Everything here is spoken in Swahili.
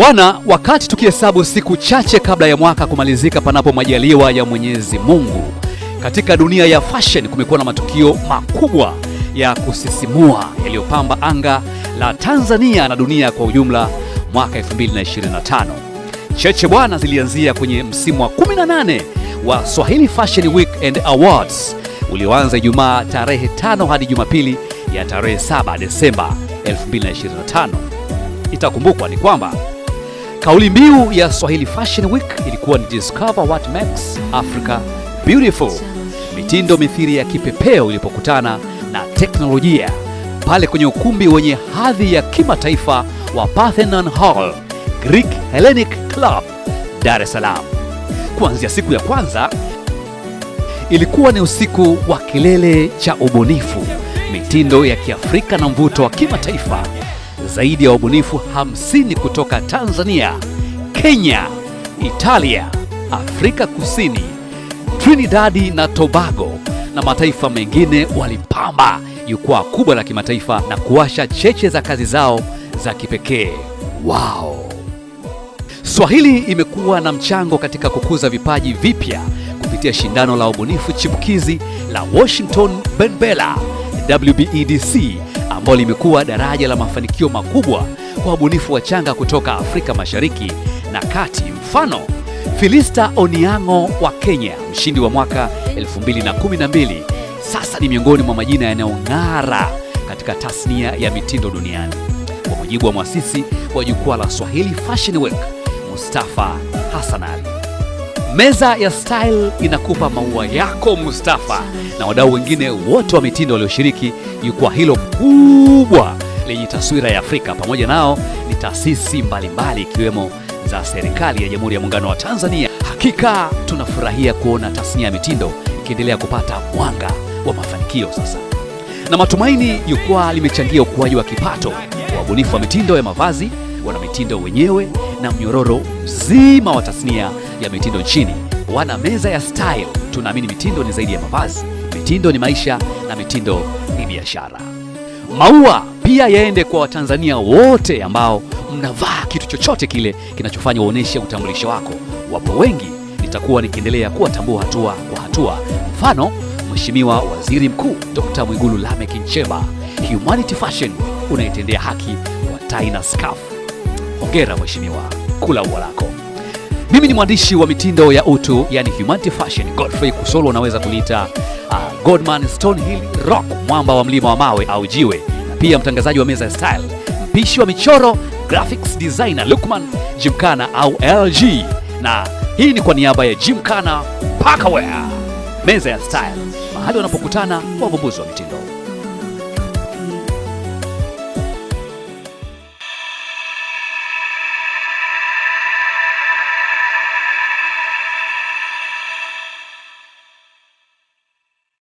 Bwana, wakati tukihesabu siku chache kabla ya mwaka kumalizika, panapo majaliwa ya Mwenyezi Mungu, katika dunia ya fashion kumekuwa na matukio makubwa ya kusisimua yaliyopamba anga la Tanzania na dunia kwa ujumla mwaka 2025. Cheche bwana zilianzia kwenye msimu wa 18 wa Swahili Fashion Week and Awards ulioanza Ijumaa tarehe tano hadi Jumapili ya tarehe 7 Desemba 2025. Itakumbukwa ni kwamba Kauli mbiu ya Swahili Fashion Week ilikuwa ni Discover What Makes Africa Beautiful, mitindo mithiri ya kipepeo ilipokutana na teknolojia pale kwenye ukumbi wenye hadhi ya kimataifa wa Parthenon Hall, Greek Hellenic Club, Dar es Salaam. Kuanzia siku ya kwanza ilikuwa ni usiku wa kilele cha ubunifu, mitindo ya Kiafrika na mvuto wa kimataifa zaidi ya wabunifu 50 kutoka Tanzania, Kenya, Italia, Afrika Kusini, Trinidad na Tobago na mataifa mengine walipamba jukwaa kubwa la kimataifa na kuwasha cheche za kazi zao za kipekee. Wow! Swahili imekuwa na mchango katika kukuza vipaji vipya kupitia shindano la ubunifu chipukizi la Washington Benbella WBEDC ambalo limekuwa daraja la mafanikio makubwa kwa wabunifu wachanga kutoka Afrika Mashariki na Kati. Mfano, Filista Oniang'o wa Kenya, mshindi wa mwaka 2012, sasa ni miongoni mwa majina yanayong'ara katika tasnia ya mitindo duniani. Kwa mujibu wa mwasisi wa jukwaa la Swahili Fashion Week, Mustafa Hassanali. Meza ya Style inakupa maua yako Mustafa na wadau wengine wote wa mitindo walioshiriki jukwaa hilo kubwa lenye taswira ya Afrika. Pamoja nao ni taasisi mbalimbali ikiwemo za serikali ya Jamhuri ya Muungano wa Tanzania. Hakika tunafurahia kuona tasnia ya mitindo ikiendelea kupata mwanga wa mafanikio sasa na matumaini. Jukwaa limechangia ukuaji wa kipato wa ubunifu wa mitindo ya mavazi mitindo wenyewe na mnyororo mzima wa tasnia ya mitindo nchini. Wana meza ya style. Tunaamini mitindo ni zaidi ya mavazi, mitindo ni maisha na mitindo ni biashara. Maua pia yaende kwa Watanzania wote ambao mnavaa kitu chochote kile kinachofanya uoneshe utambulisho wako. Wapo wengi, nitakuwa nikiendelea kuwatambua hatua kwa hatua. Mfano, Mheshimiwa Waziri Mkuu Dr. Mwigulu Lameck Nchemba, Humanity Fashion unaitendea haki kwa tai na skafu. Hongera mheshimiwa, kula ua lako. Mimi ni mwandishi wa mitindo ya utu, yani humanity fashion, Godfrey Kusolo, unaweza kuniita uh, Godman Stonehill Rock, mwamba wa mlima wa mawe au jiwe, pia mtangazaji wa meza ya style, mpishi wa michoro, graphics designer Lukman Jimkana au LG, na hii ni kwa niaba ya Jimkana parkaware meza ya style, mahali wanapokutana wavumbuzi wa mitindo.